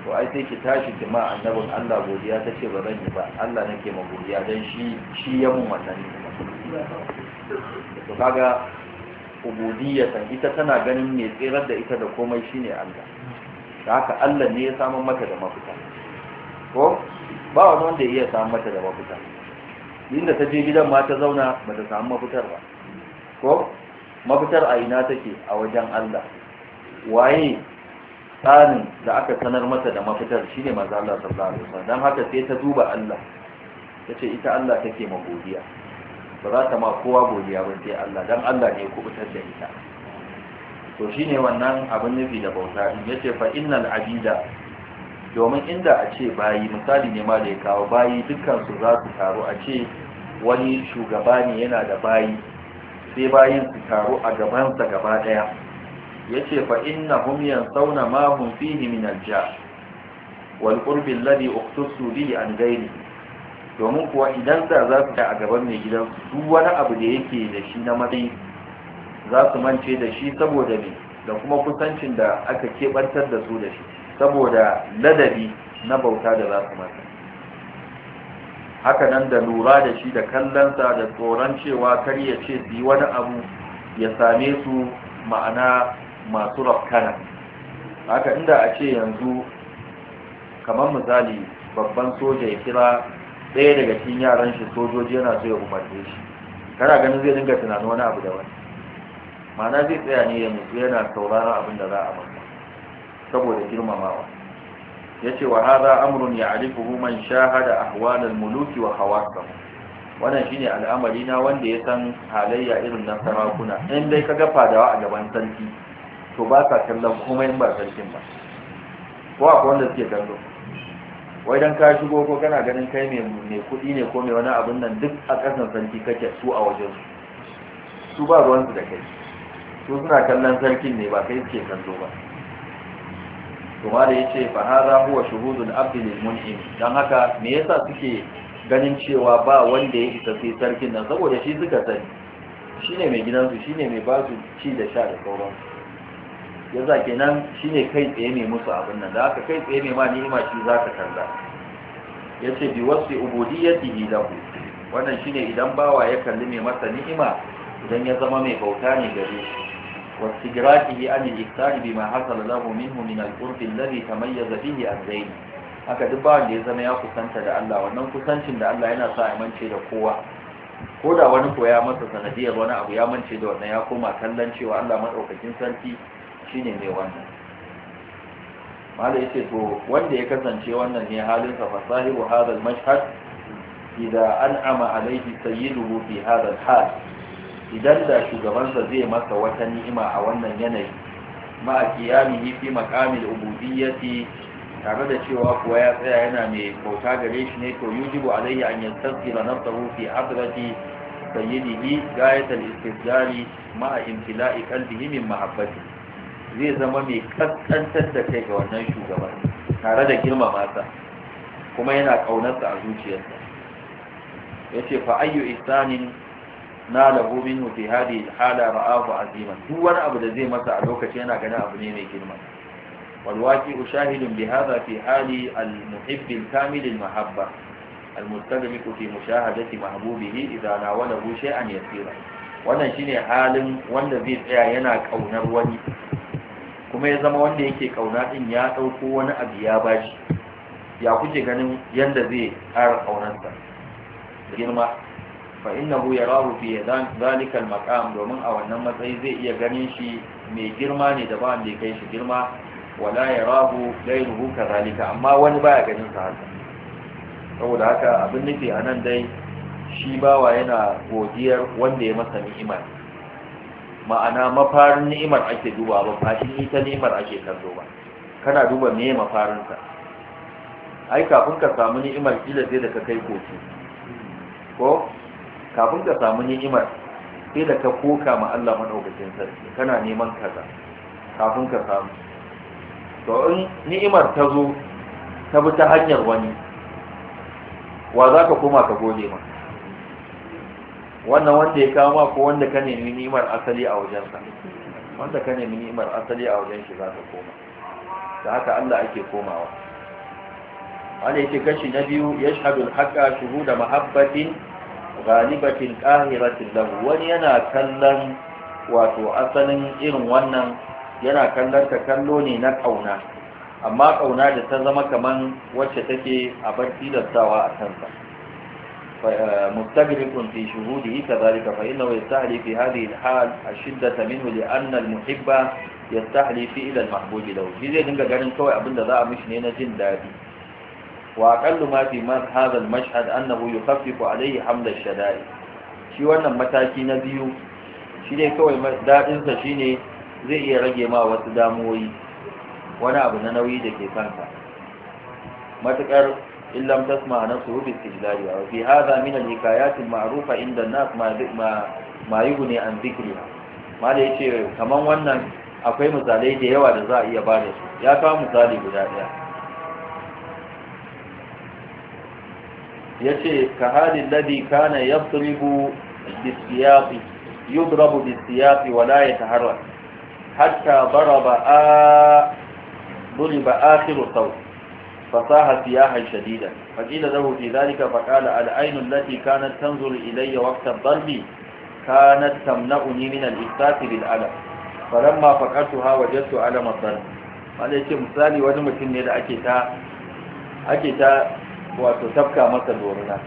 to ai sai ki tashi ki ma annabin Allah godiya ta ce ba zan yi ba Allah nake ma godiya dan shi shi ya mun wannan to kaga san ita tana ganin mai tsirar da ita da komai shine Allah da haka Allah ne ya samu mata da mafita ko ba wani wanda ya iya samu mata da mafita inda ta je gidan ma ta zauna ba ta samu mafitar ba ko mafitar a ina take a wajen Allah waye tsarin da aka sanar masa da mafitar shi ne maza Allah sallallahu alaihi don haka sai ta duba Allah ta ce ita Allah take ma godiya ba za ta ma kowa godiya ba sai Allah don Allah ne kubutar da ita to shi ne wannan abin nufi da bauta in ya ce fa'inan abida domin inda a ce bayi misali ne ma da ya kawo bayi dukansu za su taru a ce wani shugaba ne yana da bayi sai bayin su taru a gabansa gaba ɗaya yace fa innahum yansawna ma hum fihi min al-ja' wal qurb alladhi uqtasu bi an ghairi domin kuwa idan da za su a gaban mai gidan duk wani abu da yake da shi na matsayi za su mance da shi saboda ne da kuma kusancin da aka kebantar da su da shi saboda ladabi na bauta da za su mata haka nan da lura da shi da kallonsa da tsoron cewa kar ya ce su yi wani abu ya same su ma'ana masu rafkana haka inda a ce yanzu kamar misali babban soja ya kira ɗaya daga cikin yaran shi sojoji yana so ya umarce shi kana ganin zai dinga tunanin wani abu da wani ma'ana zai tsaya ne ya mutu yana sauraron abin da za a masa saboda girmamawa ya ce wa haza amurin ya Shaha man shahada ahwalar muluki wa hawasa wannan shine al'amari na wanda ya san halayya irin na sarakuna in dai ka ga fadawa a gaban sarki to ba sa kallon komai ba sarkin ba ko a wanda suke kallo wai dan ka shigo ko kana ganin kai mai mai kuɗi ne ko mai wani abin nan duk a kasan sarki kake su a wajen su su ba ruwansu da kai su suna kallon sarkin ne ba kai suke kallo ba kuma da yace fa hadha huwa shuhudul abdi lil mun'im dan haka me yasa suke ganin cewa ba wanda ya isa sai sarkin nan saboda shi suka sani shine mai gidansu shine mai basu ci da sha da sauransu nan shi ne kai tsaye mai musu abin nan da haka kai tsaye mai ma ni'ima shi za ka kalla yace bi wasi yi lahu wannan shi ne idan bawa ya kalli mai masa ni'ima idan ya zama mai bauta ne gare shi ma عن da بما mu له منه من ta الذي تميز به a zai haka duk bawan da ya zama ya kusanta da Allah wannan kusancin da Allah yana sa a mance da kowa ko da wani ko ya masa sanadiyar wani abu ya mance da wannan ya koma kallon cewa Allah maɗaukakin sarki shine mai wannan malai yace to wanda ya kasance wannan ne halinsa sa fasahibu hadha al-mashhad idan an'ama alaihi sayyiduhu fi hadha hal idan da shugabansa zai masa wata ni'ima a wannan yanayi ma qiyamihi fi maqamil ubudiyyati tare da cewa kuwa ya tsaya yana mai bauta gare shi ne to yujibu alaihi an yastaghfira nafsahu fi hadrati sayyidihi gayat al-istidlali ma imtila'i qalbihi min mahabbati zai zama mai kaskantar da kai ga wannan shugaban tare da girmama sa kuma yana ƙaunarsa a zuciyarsa ya ce fa ayyu ihsanin na lahu minhu fi hadhihi al-hala ra'ahu duk wani abu da zai masa a lokaci yana ganin abu ne mai girma والواقع شاهد بهذا في حال المحب الكامل المحبة المستغرق في مشاهدة na إذا ناوله شيئا يسيرا wannan shine halin wanda zai tsaya yana kaunar wani kuma ya zama wanda yake kauna din ya dauko wani abu ya bashi ya kuke ganin yanda zai ƙara kaunarsa girma fa innahu yarahu fi zalika al-maqam domin a wannan matsayi zai iya ganin shi mai girma ne da ba wanda kaishi kai shi girma wala yarahu ghayruhu kadhalika amma wani baya ganin sa haka saboda haka abin nufi anan dai shi bawa yana godiyar wanda ya masa ni'ima ma'ana mafarin ni'imar ake duba ba fashin ita ni'imar ake kallo ba kana duba meye mafarinta ai kafin ka samu ni'imar kila sai da ka kai kofi, ko kafin ka samu ni'imar sai da ka koka ma Allah madaukakin sarki kana neman kaza kafin ka samu to in ni'imar ta zo ta bi ta hanyar wani wa za ka koma ka gode ma wannan wanda ya kawo ma ko wanda ka nemi ni'imar asali a wajensa wanda ka nemi ni'imar asali a wajen shi za ka koma da haka Allah ake komawa wanda yake kashi na biyu ya shahadu alhaqa da mahabbatin ghalibatin qahiratin lahu wani yana kallon wato asalin irin wannan yana kallon ta kallo ne na kauna amma kauna da ta zama kaman wacce take a bar tilastawa a kansa مستغرق في شهوده كذلك فإنه يستحلي في هذه الحال الشدة منه لأن المحب يستحلي في إلى المحبوب له في زي دنجا قالين كوي أبن ذا مشنين جن دادي وأقل ما في هذا المشهد أنه يخفف عليه حمل الشدائد shi wannan mataki na biyu shi ne kawai daɗinsa shi ne zai iya rage ma wasu damuwoyi wani abu na nauyi da ke kanka matuƙar in lam tasma na surubi istijlali wa fi hadha min al-hikayatin ma'rufa inda an-nas ma ma yughni an dhikri ma da yace kamar wannan akwai misalai da yawa da za a iya bada su ya kawo misali guda daya yace ka hadin ladhi kana yasribu bisiyaqi yudrabu bisiyaqi wa la yataharrak hatta daraba a duriba akhiru فصاح سياحا شديدا فقيل له في ذلك فقال العين التي كانت تنظر إلي وقت الضرب كانت تمنعني من الإحساس بالألم فلما فقدتها وجدت ألم الضرب wanda ya ce misali wani mutum ne da ake ta ta wato tafka masa doruna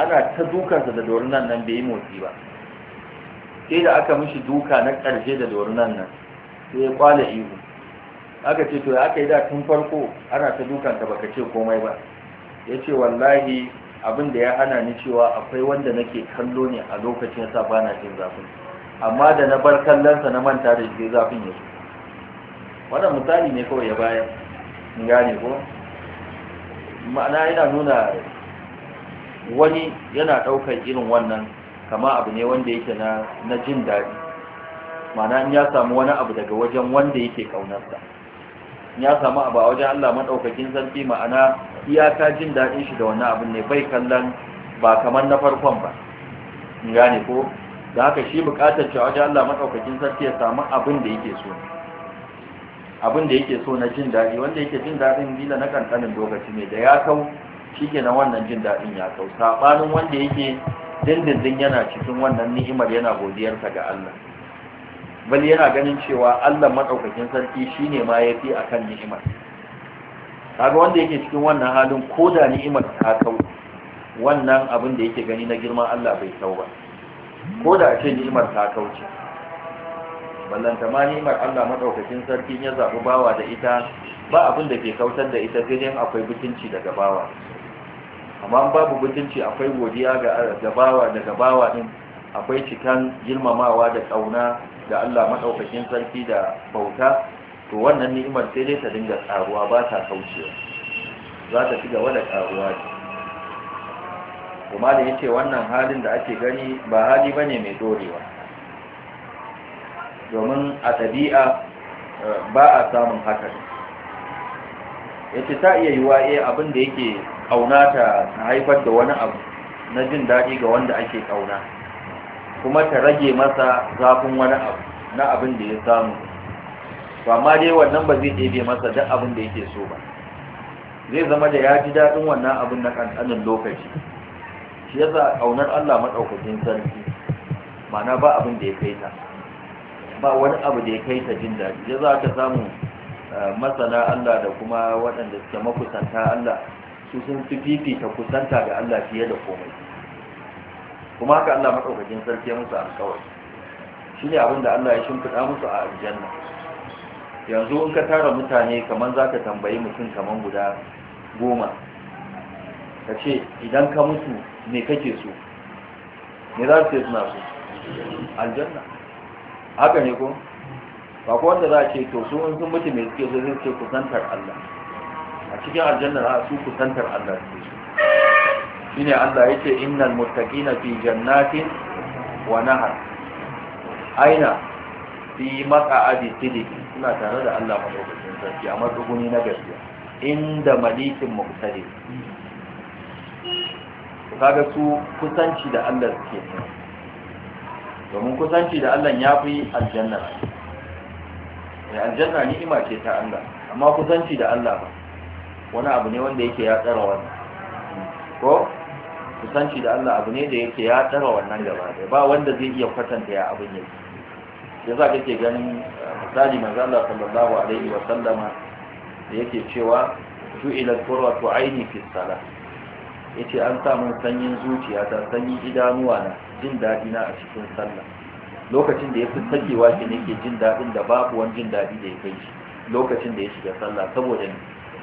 ana ta dukansa da dorunan nan bai yi motsi ba sai da aka mishi duka na ƙarshe da dorunan nan sai ya kwala ihu aka ce to aka yi da tun farko ana ta ta baka ce komai ba ya ce wallahi abin da ya hana ni cewa akwai wanda nake kallo ne a lokacin sa ba na jin zafin amma da na bar kallonsa na manta da jin zafin ya wannan misali ne kawai ya bayar in gane ko ma'ana yana nuna wani yana ɗaukar irin wannan kama abu ne wanda yake na jin daɗi ma'ana in ya samu wani abu daga wajen wanda yake ƙaunarsa ya samu abu a wajen Allah madaukakin sarki ma'ana iyaka jin daɗin shi da wannan abu ne bai kallon ba kamar na farkon ba gane ko da haka shi bukatar cewa wajen Allah madaukakin sarki ya samu abin da yake so abin da yake so na jin daɗi wanda yake jin daɗin dila na kankanin lokaci ne da ya kau na wannan jin daɗin ya kau sabanin wanda yake dindindin yana cikin wannan ni'imar yana godiyar ka ga Allah bal yana ganin cewa Allah madaukakin sarki shine ma yafi akan ni'imar kaga wanda yake cikin wannan halin ko da ni'imar ta kau wannan abin da yake gani na girman Allah bai kau ba ko da ce ni'imar ta kauce ballanta ma ni'imar Allah madaukakin sarki ya zabi bawa da ita ba abin da ke kautar da ita sai dai akwai butunci daga bawa amma babu butunci akwai godiya ga gabawa daga bawa din akwai cikan girmamawa da kauna Da Allah maɗaukakin sarki da bauta to wannan ni'imar sai dai ta dinga tsaruwa ba ta kaucewa za ta shiga da tsaruwa ne kuma da yace wannan halin da ake gani ba hali ba ne mai dorewa domin a tabi'a eh, ba a samun haka yace ta iya yiwa eh abin da yake kauna ta haifar da wani abu na jin daɗi ga wanda ake ƙauna. kuma ta rage masa zafin wani abu na abin da ya samu to amma dai wannan ba zai ɗebe masa duk abin da yake so ba zai zama da ya ji daɗin wannan abin na ƙanƙanin lokaci shi yasa ƙaunar Allah maɗaukakin sarki mana ba abin da ya kai ta ba wani abu da ya kai ta jin daɗi ya za ka samu eh, masana Allah da kuma waɗanda suke makusanta Allah su sun fi fifita kusanta ga Allah fiye da komai kuma haka Allah matsaukakin sarki ya musu alƙawari Shi abin da Allah ya shimfiɗa musu a aljanna yanzu in ka tara mutane kaman ka tambayi mutum kaman guda goma ka ce idan ka mutu me kake so me za su ce suna so aljanna haka ne ko ba ko wanda za a ce to su in sun mutu mai suke zai ce kusantar Allah a cikin aljanna za a su kusantar Allah su shine Allah yake innal muttaqina fi jannatin wa nahar aina fi maq'adi sidiq suna tare da Allah madaukakin sarki a matsuguni na gaskiya inda malikin muqtadir kaga su kusanci da Allah suke domin kusanci da Allah ya fi aljanna ne eh, aljanna ni'ima ce ta Allah amma kusanci da Allah ba wani abu ne wanda yake ya tsara wannan ko kusanci da Allah abu ne da yake ya tara wannan gaba da ba wanda zai iya kwatanta ya abin yake ya za ka ke ganin uh, misali manzo Allah sallallahu alaihi wa sallama da yake cewa ju'ila qurratu aini fi Ya yace an samu sanyin zuciya ta sanyin idanuwa na jin dadi na a cikin sallah lokacin da ya fi sakewa shi ne ke jin dadin da babu wani jin dadi da ya kai shi lokacin da ya shiga sallah saboda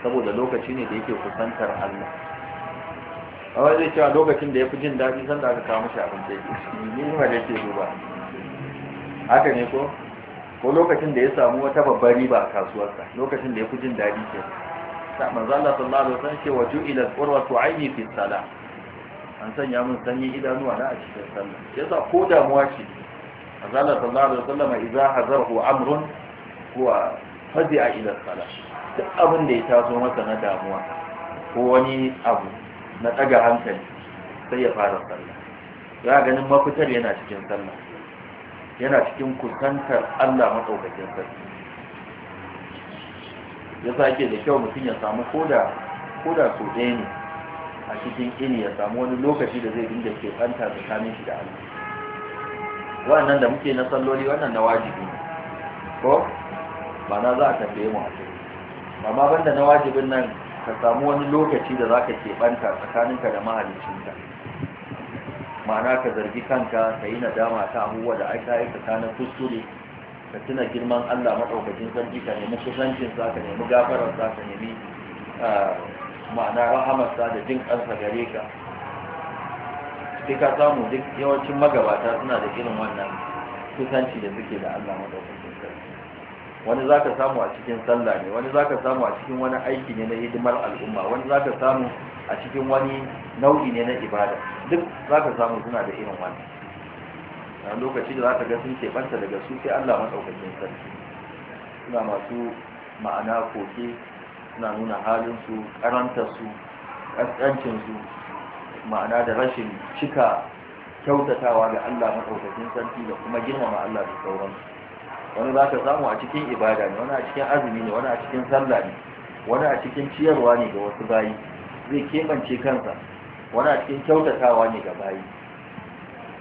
saboda lokaci ne da yake kusantar Allah a wani zai cewa lokacin da ya fi jin daɗi san da aka kawo shi abin da yake ni ma da yake zuba haka ne ko ko lokacin da ya samu wata babbar riba a kasuwarsa lokacin da ya fi jin daɗi ke ta manzo Allah sallallahu alaihi wasallam ce waju ila qurratu aini fi salah an sanya mun sanyi idanuwa na a cikin sallah yasa ko damuwa ce manzo Allah sallallahu alaihi wasallam idza hazarahu amrun huwa fadi'a ila salah duk abin da ya taso masa na damuwa ko wani abu na ɗaga hankali sai ya fara sallah ya ganin mafitar yana cikin sallah yana cikin kusantar Allah maɗaukakin sarki ya sake da kyau mutum ya samu koda da so ɗaya ne a cikin ini ya samu wani lokaci da zai dinga ke ɓanta tsakanin shi da Allah wannan da muke na salloli wannan na wajibi ne ko ba na za a tafiye mu a ba ma banda na wajibin nan ka samu wani lokaci da za ka keɓanta tsakaninka da mahalicinka ma'ana ka zargi kanka ka yi nadama ta abubuwa da aka yi tsakanin kuskure ka tuna girman allah maɗaukacin sarki ka nemi kusancinsa ka nemi gafararsa ka nemi ma'ana rahamarsa da jin ƙansa gare ka sai ka samu duk yawancin magabata suna da irin wannan kusanci da suke da allah maɗaukacin wani za ka samu a cikin sallah ne wani za ka samu a cikin wani aiki ne na hidimar al'umma wani za ka samu a cikin wani nau'i ne na ibada duk za ka samu suna da irin wani a lokaci da za ka ga sun keɓanta daga su sai allah maɗaukakin sarki suna masu ma'ana koke suna nuna halinsu karantarsu ƙasƙancinsu ma'ana da rashin cika kyautatawa ga allah maɗaukakin sarki da kuma girmama allah da sauransu wani za ka samu a cikin ibada ne wani a cikin azumi ne wani a cikin sallah ne wani a cikin ciyarwa ne ga wasu bayi zai kebance kansa wani a cikin kyautatawa ne ga bayi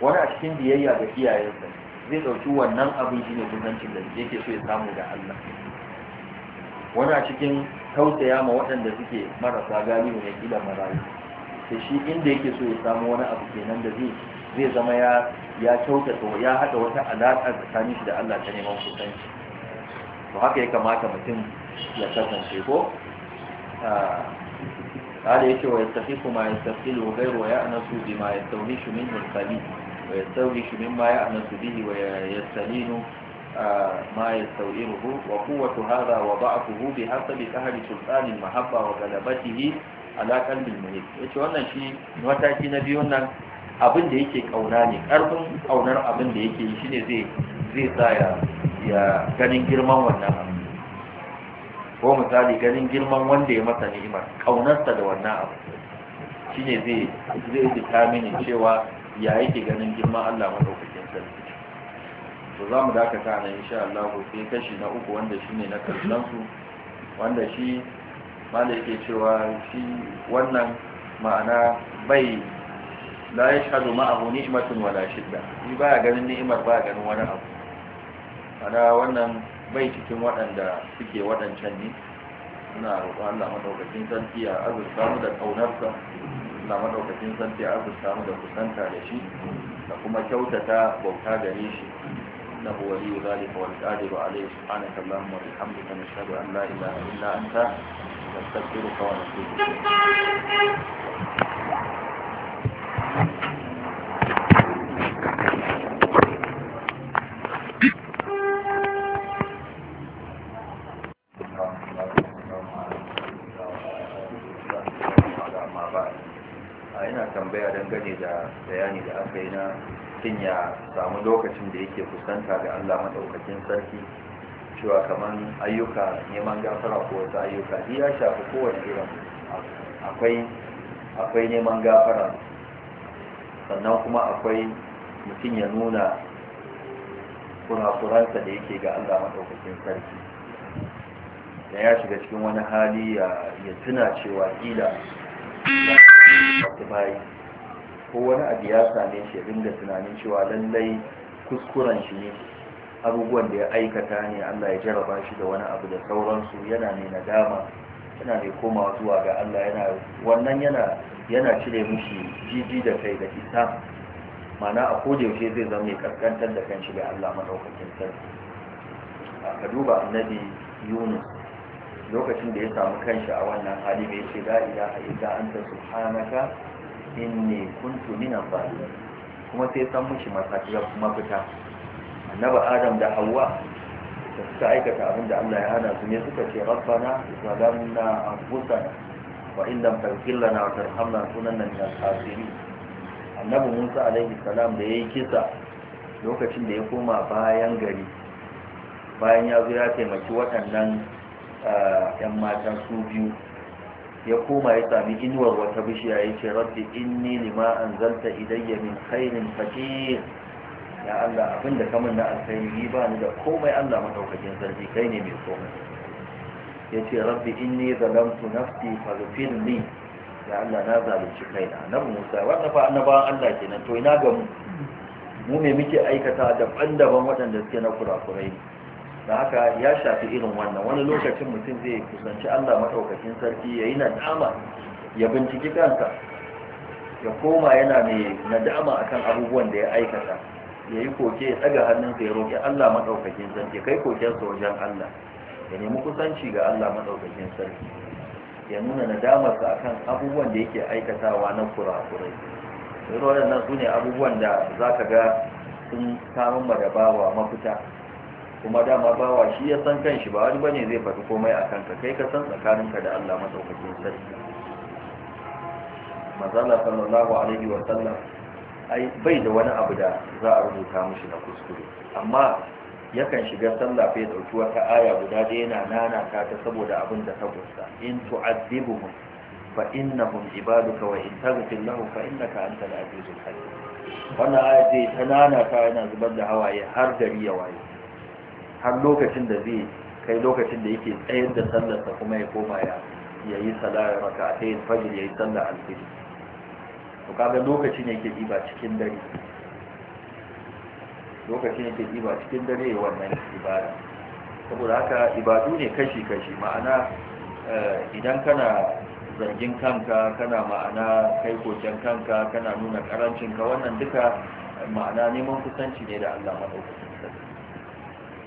wani a cikin biyayya ga iyayensa zai ɗauki wannan abin shi ne kusancin da yake so ya samu da Allah wani a cikin tausaya ma waɗanda suke marasa galihu ne kila marayu sai shi inda yake so ya samu wani abu kenan da zai zai zama ya kyauta to ya hada wata alaƙa tsakanin shi da Allah ta neman kusan shi to haka ya kamata mutum ya kasance ko a da yake wa yasafi kuma ya tafi wa ya ana su bima ya tauni shi min hulkali wa ya tauni shi min ma ya ana su bihi wa ya salinu ma ya tauni ruhu wa kuwatu hada wa ba'afu alaƙar bilmuhi ya wannan shi mataki na biyu nan abin da yake kauna ne karfin kaunar abin da yake yi shine zai zai sa ya ya ganin girman wannan abu ko misali ganin girman wanda ya masa ni'imar kaunarsa da wannan abu shine zai zai mini cewa ya yake ganin girman Allah madaukakin sarki to za mu dakata nan insha Allah sai kashi na uku wanda shine na karshen su wanda shi malaka yake cewa shi wannan ma'ana bai la yashhadu ma'ahu ni'matun wala shidda shi baya ganin ni'imar baya ganin wani abu ana wannan bai cikin waɗanda suke waɗancan ne suna roƙon Allah madaukakin sarki ya azurta mu da kaunarsa Allah madaukakin sarki a azurta mu da kusanta da shi da kuma kyautata bauta gare shi إنه ولي ذلك والقادر عليه na اللهم وبحمدك نشهد أن لا إله إلا أنت نستغفرك ونتوب إليك kin ya samu lokacin da yake fuskanta ga Allah maɗaukacin sarki cewa kamar ayyuka neman gafara ko wasu ayyuka ya shafi kowane irin akwai neman gafara sannan kuma akwai mutum ya nuna kurakuransa da yake ga Allah maɗaukakin sarki da ya shiga cikin wani hali ya tuna cewa ƙila bayi ko wani abu ya same shi dinga tunanin cewa lallai kuskuren shi ne abubuwan da ya aikata ne Allah ya jaraba shi da wani abu da sauransu yana ne nadama yana ne komawa zuwa ga Allah yana wannan yana yana cire mushi jiji da kai da isa mana a kodayaushe zai zama mai kaskantar da kan shiga Allah madaukakin sarki a ka duba annabi yunus lokacin da ya samu kanshi a wannan hali mai ce a ilaha an anta subhanaka inni kuntu minan zalimin kuma sai san mushi masakiyar mafita annabi adam da hawa da suka aikata abin da Allah ya hana su ne suka ce rabbana zalamna anfusana وإن لم تغفر لنا وترحمنا لنكونن من الخاسرين annabi Musa alaihi salam da yi kisa lokacin da ya koma bayan gari bayan ya zo ya taimaki waɗannan ‘yan mata su biyu ya koma ya sami inuwar wata bishiya ya ce rabbi inni lima an zalta idayya min khairin fakir ya Allah abinda kamar na alkhairi ba ni da komai Allah madaukakin sarki kai ne mai komai ya ce rabbi inni zalamtu nafsi faghfir ni. ya Allah na zalunci kaina Nan Musa wannan fa annabawan Allah kenan to ina ga mu mu ne muke aikata daban-daban waɗanda suke na kurakurai da haka ya shafi irin wannan wani lokacin mutum zai kusanci Allah madaukakin sarki yayi nadama ya binciki kanka, ya koma yana mai nadama akan abubuwan da ya aikata ya yi koke ya tsaga hannun ya roƙi Allah maɗaukakin zance kai kokensa wajen Allah ya nemi kusanci ga Allah maɗaukakin sarki ya nuna nadamarsa akan abubuwan da yake aikatawa na kurakurai zuwa waɗannan su ne abubuwan da za ka ga sun samun ma da bawa mafita kuma dama bawa shi ya san kanshi ba wani bane zai faɗi komai a kanka kai ka san tsakaninka da Allah maɗaukakin sarki mazala sallallahu alaihi wa sallam ai bai da wani abu da za a rubuta mishi na kuskure amma yakan shiga sallah fa ya dauki wata aya guda da yana nana ta ta saboda abin da ta gusta in fa innahum ibaduka wa in fa innaka antal azizul hakim wannan aya ce ta nana ta yana zubar da hawaye har gari ya waye har lokacin da zai kai lokacin da yake tsayar da sallar sallarsa kuma ya koma ya yayi salat raka'atayn fajr yayi sallar alfajr to kaga lokacin yake diba cikin dare lokacin yake ɗiba cikin dare wannan ibada saboda haka ibadu ne kashi-kashi ma'ana eh, idan kana zargin kanka kana ma'ana kai kocen kanka kana nuna karancinka wannan duka eh, ma'ana neman kusanci ne da Allah maɗaukakin sarki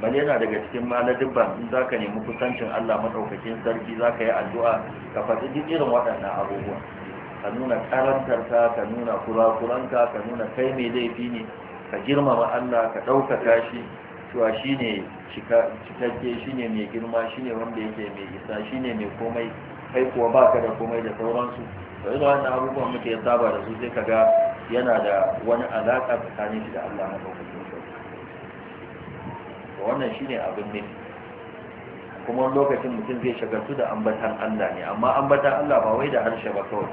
bane yana daga cikin maladibban in za ka nemi kusancin Allah maɗaukakin sarki za ka yi addu'a ka faɗi duk irin waɗannan abubuwa ka nuna karantarka ka nuna kurakuranka ka nuna kai mai laifi ne ka girmama Allah ka ɗaukaka shi cewa shi ne cikakke shi ne mai girma shi ne wanda yake mai isa shi ne mai komai kai kuwa ba ka da komai da sauransu da yadda wannan abubuwan muke saba da su sai ka ga yana da wani alaƙa tsakanin shi da Allah na ɗaukakin shi wannan shi ne abin ne kuma lokacin mutum zai shagaltu da ambatan Allah ne amma ambatan Allah ba wai da harshe ba kawai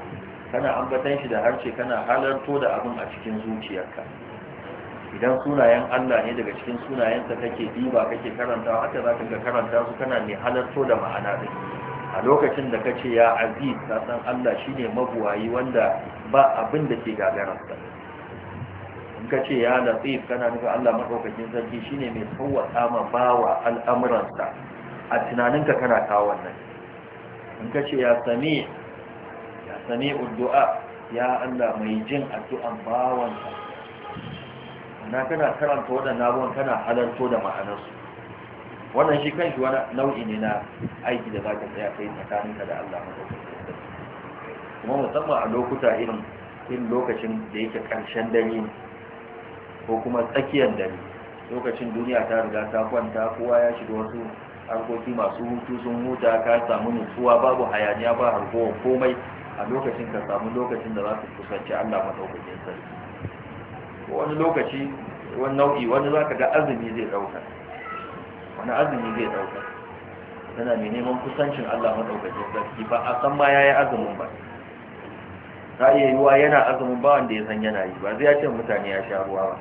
kana ambatan shi da harshe kana halarto da abin a cikin zuciyarka idan sunayen Allah ne daga cikin sunayensa kake diba kake karanta haka za ka ga karanta su kana mai halarto da ma'ana ɗin a lokacin da kace ya aziz ka san Allah shine mabuwayi wanda ba abin da ke gagararsa in kace ya latif kana nufin Allah madaukakin sarki shine mai tsawata ma bawa al'amuransa a tunaninka kana kawo wannan in kace ya sami ya sami du'a ya Allah mai jin addu'an bawansa na kana karanta waɗannan abubuwan kana halarto da ma'anarsu wannan shi kanshi wani nau'i ne na aiki da za ka tsaya kai tsakaninka da Allah madaukakin kuma musamman a lokuta irin irin lokacin da yake ƙarshen dare ko kuma tsakiyar dare lokacin duniya ta riga ta kwanta kowa ya shiga wasu harkoki masu hutu sun huta ka samu nutsuwa babu hayaniya ba harkowar komai a lokacin ka samu lokacin da za su kusanci Allah madaukakin sarki wani lokaci wani nau'i wani za ka ga azumi zai ɗauka wani azumi zai ɗauka yana mai neman kusancin Allah maɗaukacin sarki ba a san ma ya yi azumin ba ta iya yiwuwa yana azumin ba wanda ya san yana yi ba zai ya ce mutane ya sha ruwa ba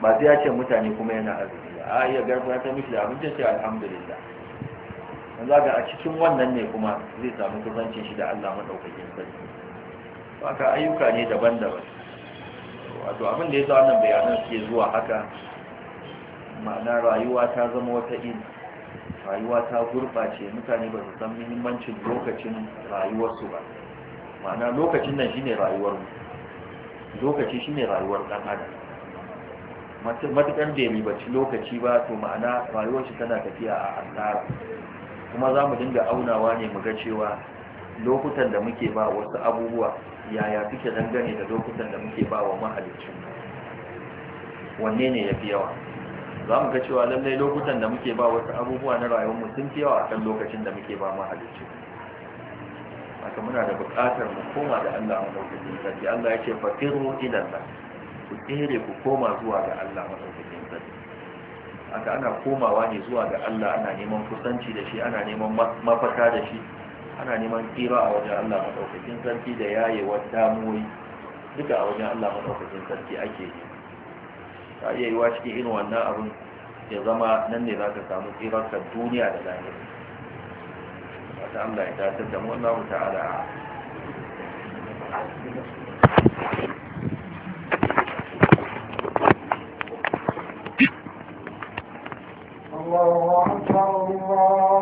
ba zai ya ce mutane kuma yana azumi ba a iya garba ta mishi da abincin sai alhamdulillah an zaga a cikin wannan ne kuma zai samu kusancin shi da Allah maɗaukakin sarki haka ayyuka ne daban-daban wato abin da ya zama wannan bayanan suke zuwa haka ma'ana rayuwa ta zama wata in rayuwa ta gurɓace mutane ba su san muhimmancin lokacin rayuwarsu ba ma'ana lokacin nan shine rayuwar mu. lokaci shine rayuwar dan adam matuƙar da ya ribaci lokaci ba to ma'ana rayuwar shi tana tafiya a asara kuma za mu dinga aunawa ne mu ga cewa lokutan da muke ba wasu abubuwa yaya suke dangane da lokutan da muke ba wa mahalicin wanne ne ya fi yawa za mu ga cewa lallai lokutan da muke ba wasu abubuwa na rayuwarmu sun fi yawa akan lokacin da muke ba mahalicin haka muna da buƙatar mu koma da Allah mu lokacin sarki Allah ya ce fakiru idan ku tsere ku koma zuwa ga Allah mu lokacin sarki haka ana komawa ne zuwa ga Allah ana neman kusanci da shi ana neman mafaka da shi ana neman tsira a wajen Allah maɗaukakin sarki da yayewar damuwoyi duka a wajen Allah maɗaukakin sarki ake yi ta iya yi wa cikin irin wannan abin ya zama nan ne za ka samu tsirarka duniya da lahira wata Allah ya tasir da mu Allah ta'ala الله أكبر الله